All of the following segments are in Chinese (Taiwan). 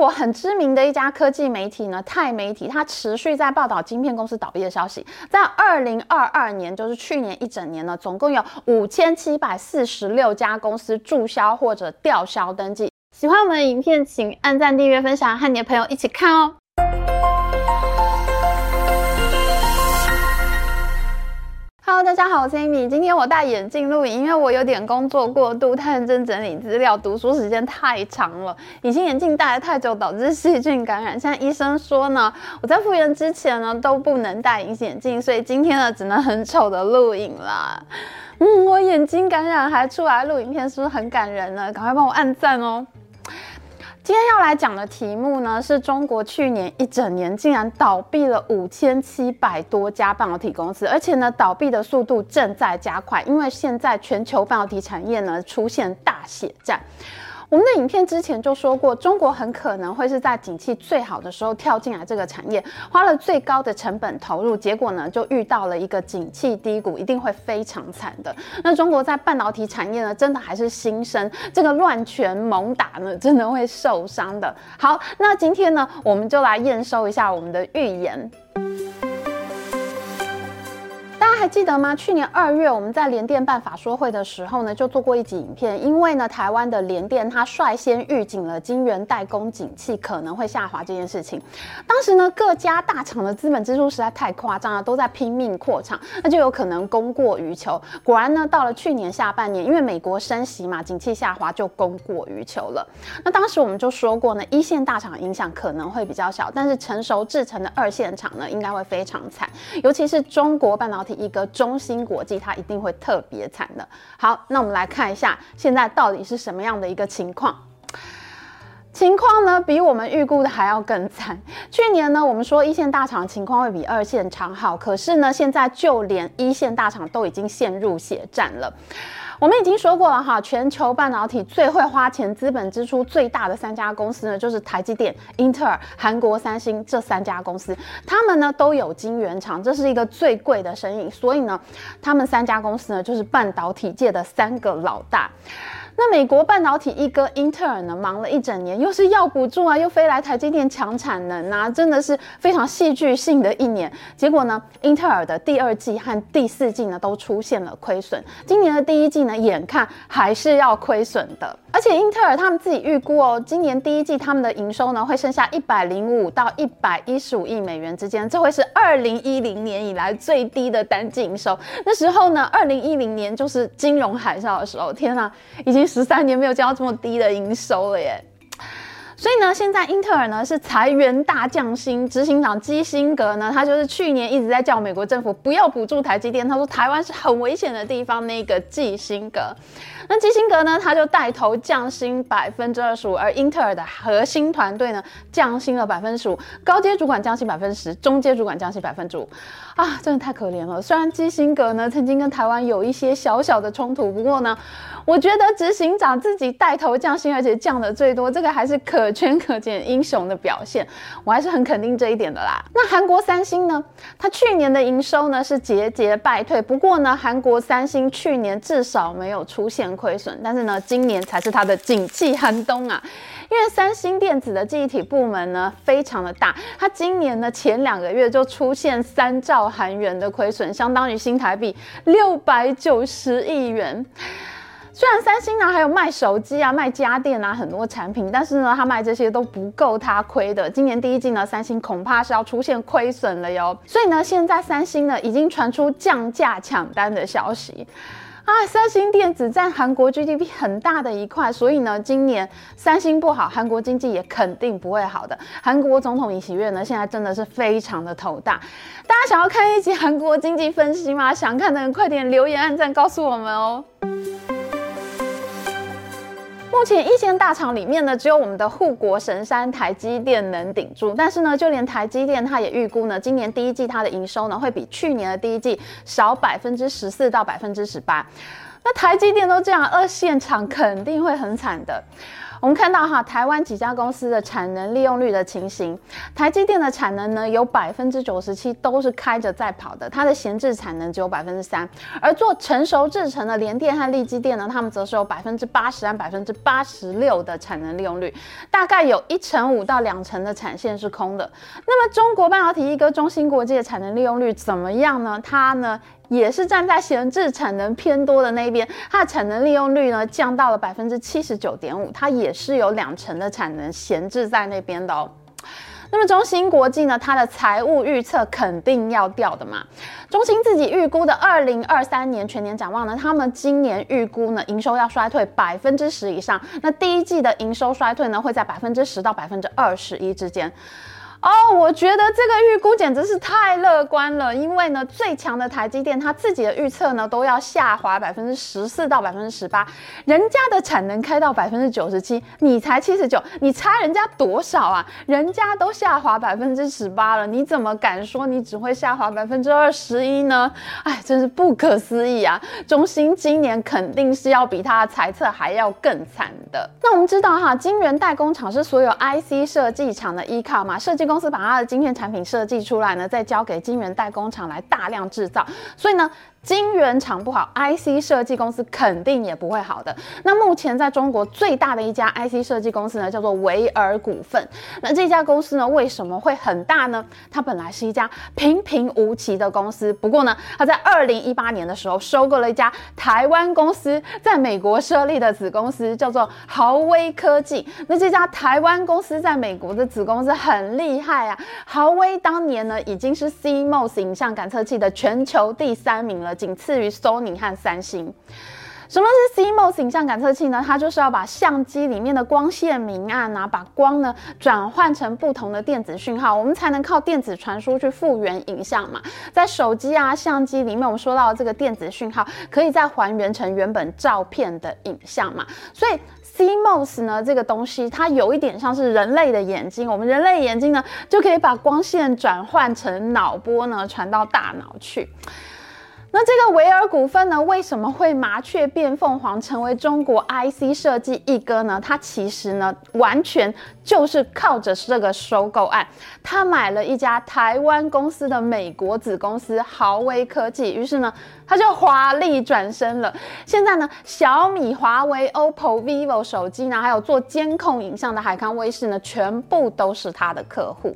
我很知名的一家科技媒體呢，鈦媒體，它持續在報道晶片公司倒閉的消息。在二零二二年，就是去年一整年呢，總共有五千七百四十六家公司注銷或者吊銷登記。喜歡我們的影片，請按贊、訂閱、分享，和你的朋友一起看哦。Hello，大家好，我是 Emmy。今天我戴眼鏡錄影，因為我有點工作過度，太認真整理資料，讀書時間太長了，隱形眼鏡戴了太久導致細菌感染。現在醫生說呢，我在復原之前呢都不能戴隱形眼鏡，所以今天呢只能很醜的錄影啦。嗯，我眼睛感染還出來錄影片，是不是很感人呢？趕快幫我按贊哦！今天要來講的題目呢，是中國去年一整年竟然倒閉了五千七百多家半導體公司，而且呢，倒閉的速度正在加快，因為現在全球半導體產業呢，出現大血戰。我們的影片，之前就說過，中國很可能會是在景氣最好的時候跳進來這個產業，花了最高的成本投入，結果呢就遇到了一個景氣低谷，一定會非常慘的。那中國在半導體產業呢，真的還是新生，這個亂拳猛打呢，真的會受傷的。好，那今天呢，我們就來驗收一下我們的預言。還記得嗎？去年二月我們在聯電辦法說會的時候呢，就做過一集影片。因為呢，台灣的聯電它率先預警了晶圓代工景氣可能會下滑這件事情。當時呢，各家大廠的資本支出實在太誇張了，都在拼命擴廠，那就有可能供過於求。果然呢，到了去年下半年，因為美國升息嘛，景氣下滑就供過於求了。那當時我們就說過呢，一線大廠影響可能會比較小，但是成熟製程的二線廠呢，應該會非常慘，尤其是中國半導體一一個中芯國際，它一定會特別慘的。好，那我們來看一下現在到底是什麼樣的一個情況？情況呢，比我們預估的還要更慘。去年呢，我們說一線大廠的情況會比二線廠好，可是呢，現在就連一線大廠都已經陷入血戰了。我們已經說過了哈，全球半導體最會花錢、資本支出最大的三家公司呢，就是台積電、英特爾、韓國三星這三家公司。他們呢都有晶圓廠，這是一個最貴的生意，所以呢，他們三家公司呢就是半導體界的三個老大。那美國半導體一哥英特爾呢，忙了一整年，又是要補助啊，又飛來台積電搶產能啊，真的是非常戲劇性的一年。結果呢，英特爾的第二季和第四季呢都出現了虧損，今年的第一季呢眼看還是要虧損的。而且英特爾他們自己預估哦，今年第一季他們的營收呢會剩下一百零五到一百一十五億美元之間，這會是二零一零年以來最低的單季營收。那時候呢，二零一零年就是金融海嘯的時候，天啊，已經。十三年沒有見到這麼低的營收了耶，所以呢，現在英特爾呢是裁員大降薪，執行長基辛格呢，他就是去年一直在叫美國政府不要補助台積電，他說台灣是很危險的地方，那個基辛格。那基辛格呢，他就帶頭降薪百分之二十五，而英特爾的核心團隊呢降薪了百分之十五，高階主管降薪百分之十，中階主管降薪百分之五，啊，真的太可憐了。雖然基辛格呢曾經跟台灣有一些小小的衝突，不過呢，我覺得執行長自己帶頭降薪，而且降得最多，這個還是可圈可點英雄的表現，我還是很肯定這一點的啦。那韓國三星呢，它去年的營收呢是節節敗退，不過呢，韓國三星去年至少沒有出現過。虧損，但是呢，今年才是它的景氣寒冬啊，因為三星電子的記憶體部門呢非常的大，它今年呢前兩個月就出現三兆韓元的虧損，相當於新台幣六百九十億元。雖然三星呢還有賣手機啊、賣家電啊很多產品，但是呢，它賣這些都不夠它虧的。今年第一季呢，三星恐怕是要出現虧損了喲。所以呢，現在三星呢已經傳出降價搶單的消息。啊，三星電子占韓國 GDP 很大的一塊，所以呢，今年三星不好，韓國經濟也肯定不會好的。韓國總統尹錫悅呢，現在真的是非常的頭大。大家想要看一集韓國經濟分析嗎？想看的人快點留言、按贊，告訴我們哦、喔。目前一線大廠裡面呢，只有我們的護國神山台積電能頂住，但是呢，就連台積電它也預估呢，今年第一季它的營收呢，會比去年的第一季少百分之十四到百分之十八。那台積電都這樣，二線廠肯定會很慘的。我們看到哈，台灣幾家公司的產能利用率的情形，台積電的產能呢，有百分之九十七都是開着在跑的，它的閒置產能只有百分之三。而做成熟製程的聯電和力積電呢，他們則是有百分之八十和百分之八十六的產能利用率，大概有一成五到兩成的產線是空的。那麼中國半導體一哥中芯國際的產能利用率怎麼樣呢？它呢？也是站在閒置產能偏多的那邊，它的產能利用率呢降到了百分之七十九點五，它也是有兩成的產能閒置在那邊的哦。那麼中芯國際呢，它的財務預測肯定要掉的嘛。中芯自己預估的二零二三年全年展望呢，他們今年預估呢營收要衰退百分之十以上，那第一季的營收衰退呢會在百分之十到百分之二十一之間。哦，我覺得這個預估簡直是太樂觀了，因為呢，最強的台積電它自己的預測呢都要下滑百分之十四到百分之十八，人家的產能開到百分之九十七，你才七十九，你差人家多少啊？人家都下滑百分之十八了，你怎麼敢說你只會下滑百分之二十一呢？哎，真是不可思議啊！中芯今年肯定是要比它的財測還要更慘的。那我們知道哈，晶圓代工廠是所有 I C 設計廠的依靠嘛，設計。公司把它的晶片產品設計出來呢，再交給晶圓代工廠來大量製造，所以呢，晶圓廠不好，IC 設計公司肯定也不會好的。那目前在中國最大的一家 IC 設計公司呢，叫做韋爾股份。那這家公司呢，為什麼會很大呢？它本來是一家平平無奇的公司，不過呢，它在二零一八年的時候收購了一家台灣公司，在美國設立的子公司叫做豪威科技。那這家台灣公司在美國的子公司很厲害啊，豪威當年呢已經是 CMOS 影像感測器的全球第三名了。僅次於 Sony 和三星。什麼是 CMOS 影像感測器呢？它就是要把相機裡面的光線明暗啊，把光呢轉換成不同的電子訊號，我們才能靠電子傳輸去復原影像嘛。在手機啊相機裡面，我們說到的這個電子訊號，可以再還原成原本照片的影像嘛。所以 CMOS 呢這個東西，它有一點像是人類的眼睛，我們人類的眼睛呢就可以把光線轉換成腦波呢，傳到大腦去。那這個韋爾股份呢，為什麼會麻雀變鳳凰，成為中國 IC 設計一哥呢？他其實呢，完全就是靠着這個收購案，他買了一家台灣公司的美國子公司豪威科技，於是呢，他就華麗轉身了。現在呢，小米、華為、OPPO、VIVO 手機呢，還有做監控影像的海康威視呢，全部都是他的客戶。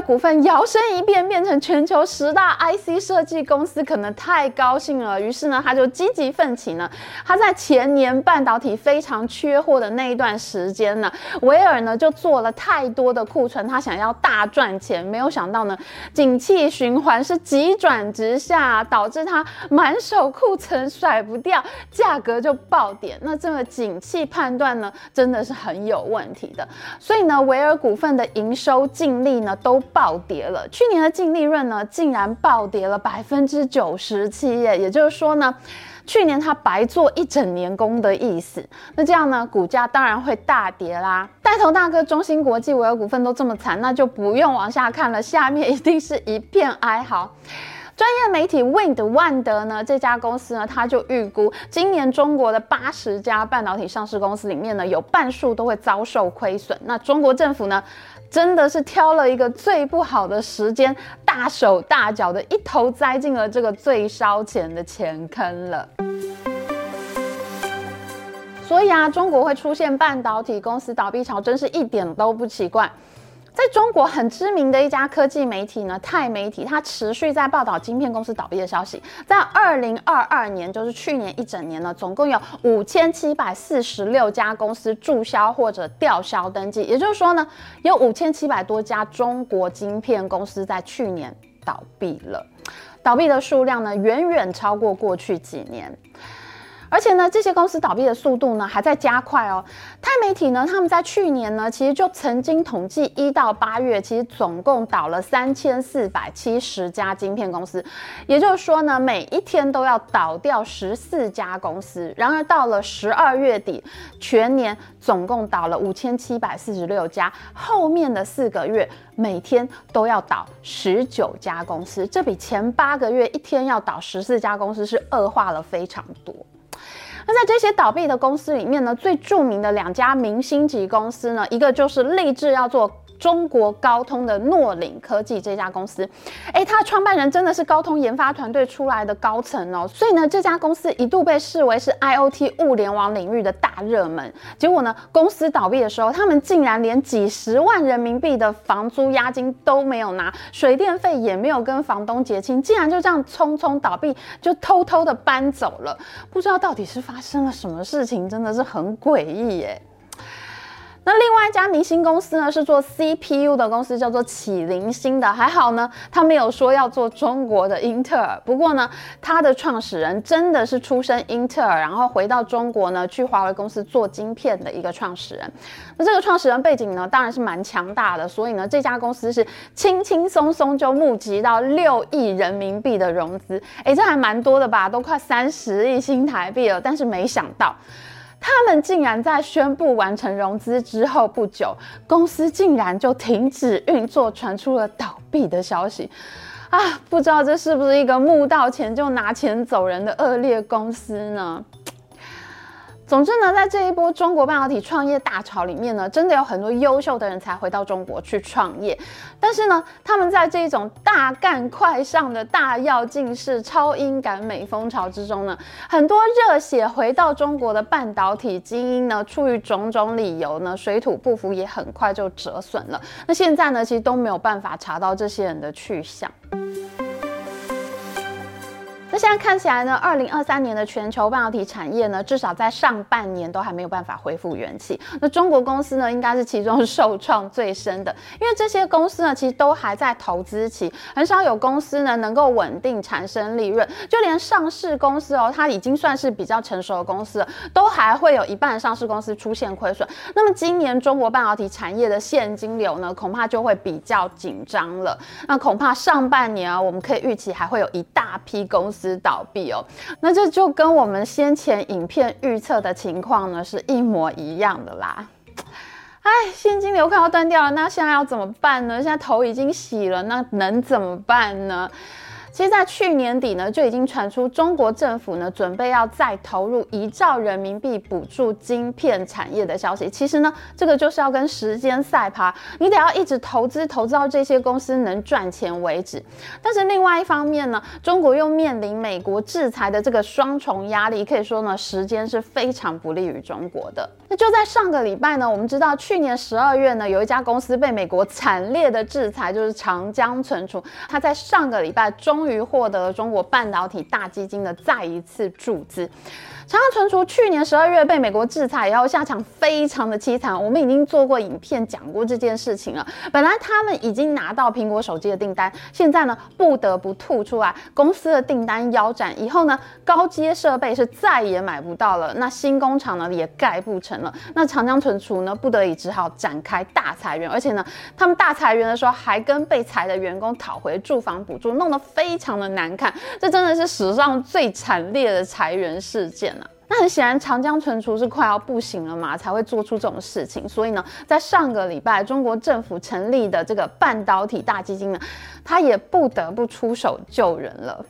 股份搖身一變變成全球十大 IC 設計公司，可能太高興了，於是呢，他就積極奮起呢。他在前年半導體非常缺貨的那一段時間呢，韋爾呢就做了太多的庫存，他想要大賺錢，沒有想到呢，景氣循環是急轉直下，導致他滿手庫存甩不掉，價格就暴跌。那這個景氣判斷呢，真的是很有問題的。所以呢，韋爾股份的營收淨利呢都。暴跌了，去年的淨利潤呢，竟然暴跌了百分之九十七耶，也就是說呢，去年他白做一整年工的意思。那這樣呢，股價當然會大跌啦。帶頭大哥中芯國際、韋爾股份都這麼慘，那就不用往下看了，下面一定是一片哀嚎。專業媒體 Wind 萬德呢，這家公司呢，他就預估今年中國的八十家半導體上市公司裡面呢，有半數都會遭受虧損。那中國政府呢，真的是挑了一個最不好的時間，大手大腳的一頭栽進了這個最燒錢的錢坑了。所以啊，中國會出現半導體公司倒閉潮，真是一點都不奇怪。在中國很知名的一家科技媒體呢，鈦媒體，它持續在報道晶片公司倒閉的消息。在二零二二年，就是去年一整年呢，總共有五千七百四十六家公司注銷或者吊銷登記，也就是說呢，有五千七百多家中國晶片公司在去年倒閉了，倒閉的數量呢，遠遠超過過去幾年。而且呢，這些公司倒閉的速度呢還在加快哦。鈦媒體呢，他們在去年呢，其實就曾經統計一到八月，其實總共倒了三千四百七十家晶片公司，也就是說呢，每一天都要倒掉十四家公司。然而到了十二月底，全年總共倒了五千七百四十六家，後面的四個月每天都要倒十九家公司，這比前八個月一天要倒十四家公司是惡化了非常多。那在這些倒閉的公司裡面呢，最著名的兩家明星級公司呢，一個就是立志要做中國高通的諾領科技這家公司，誒，它的創辦人真的是高通研發團隊出來的高層哦。所以呢，這家公司一度被視為是 IOT 物聯網領域的大熱門。結果呢，公司倒閉的時候，他們竟然連幾十萬人民幣的房租押金都沒有拿，水電費也沒有跟房東結清，竟然就這樣匆匆倒閉，就偷偷的搬走了。不知道到底是發生了什麼事情，真的是很詭異耶。那另外一家明星公司呢，是做 CPU 的公司，叫做啟靈芯的，還好呢，他沒有說要做中國的英特爾。不過呢，他的創始人真的是出身英特爾，然後回到中國呢，去華為公司做晶片，的一個創始人。那這個創始人背景呢，當然是蠻強大的，所以呢，這家公司是輕輕鬆鬆就募集到六億人民幣的融資，誒，這還蠻多的吧，都快三十億新台幣了。但是沒想到。他們竟然在宣布完成融資之後不久，公司竟然就停止運作，傳出了倒閉的消息。啊，不知道這是不是一個募到錢就拿錢走人的惡劣公司呢？總之呢，在這一波中國半導體創業大潮裡面呢，真的有很多優秀的人才回到中國去創業。但是呢，他們在這一種大幹快上的大躍進式超英趕美風潮之中呢，很多熱血回到中國的半導體精英呢，出於種種理由呢，水土不服也很快就折損了。那現在呢，其實都沒有辦法查到這些人的去向。現在看起來呢，二零二三年的全球半導體產業呢，至少在上半年都還沒有辦法恢復元氣。那中國公司呢，應該是其中受創最深的，因為這些公司呢，其實都還在投資期，很少有公司呢能夠穩定產生利潤。就連上市公司哦，它已經算是比較成熟的公司了，都還會有一半上市公司出現虧損。那麼今年中國半導體產業的現金流呢，恐怕就會比較緊張了。那恐怕上半年啊，我們可以預期還會有一大批公司。倒閉哦，那這就跟我們先前影片預測的情況呢是一模一樣的啦。唉，現金流快要斷掉了，那現在要怎麼辦呢？現在頭已經洗了，那能怎麼辦呢？其實，在去年底呢，就已經傳出中國政府呢準備要再投入一兆人民幣補助晶片產業的消息。其實呢，這個就是要跟時間賽跑，你得要一直投資，投資到這些公司能賺錢為止。但是，另外一方面呢，中國又面臨美國制裁的這個雙重壓力，可以說呢，時間是非常不利於中國的。那就在上個禮拜呢，我們知道去年十二月呢，有一家公司被美國慘烈的制裁，就是長江存儲。它在上個禮拜中。終於獲得了中國半導體大基金的再一次注資。長江存儲去年十二月被美國制裁以後，下場非常的淒慘。我們已經做過影片講過這件事情了。本來他們已經拿到蘋果手機的訂單，現在呢不得不吐出來，公司的訂單腰斬。以後呢高階設備是再也買不到了，那新工廠呢也蓋不成了。那長江存儲呢不得已只好展開大裁員，而且呢他們大裁員的時候還跟被裁的員工討回住房補助，弄得非常的難看。這真的是史上最慘烈的裁員事件。那很顯然，長江存儲是快要不行了嘛，才會做出這種事情。所以呢，在上個禮拜，中國政府成立的這個半導體大基金呢，它也不得不出手救人了。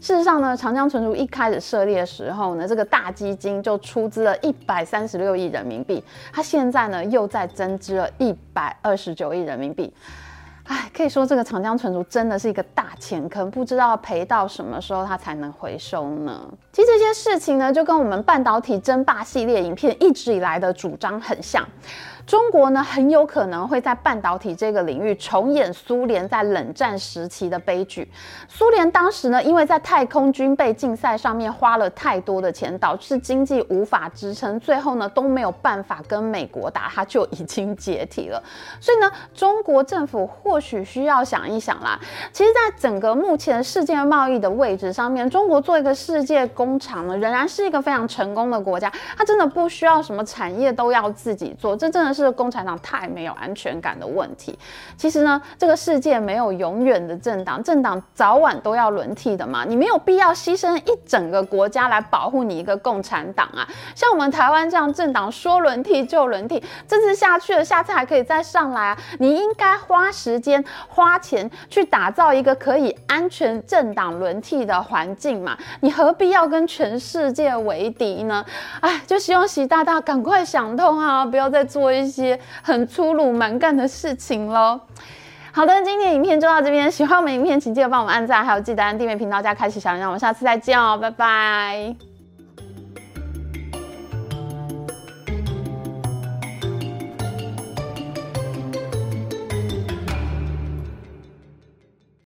事實上呢，長江存儲一開始設立的時候呢，這個大基金就出資了一百三十六億人民幣，它現在呢又在增資了一百二十九億人民幣。哎，可以說這個長江存儲真的是一個大錢坑，可能不知道賠到什麼時候它才能回收呢？其實這些事情呢，就跟我們半導體爭霸系列影片一直以來的主張很像。中國呢，很有可能會在半導體這個領域重演蘇聯在冷戰時期的悲劇。蘇聯當時呢，因為在太空軍備競賽上面花了太多的錢，導致經濟無法支撐，最後呢都沒有辦法跟美國打，它就已經解體了。所以呢，中國政府或許需要想一想啦。其實，在整個目前世界貿易的位置上面，中國做一個世界工廠呢，仍然是一個非常成功的國家。它真的不需要什麼產業都要自己做，這真的是。是共產黨太沒有安全感的問題。其實呢，這個世界沒有永遠的政黨，政黨早晚都要輪替的嘛。你沒有必要犧牲一整個國家來保護你一個共產黨啊。像我們台灣這樣，政黨說輪替就輪替，這次下去了，下次還可以再上來啊。你應該花時間、花錢去打造一個可以安全政黨輪替的環境嘛。你何必要跟全世界為敵呢？哎，就希望習大大趕快想通啊，不要再做一些。一些很粗魯蠻幹的事情嘍。好的，今天的影片就到這邊。喜歡我們影片，請記得幫我們按讚，還有記得按訂閱頻道加開啟小鈴鐺。我們下次再見哦，拜拜。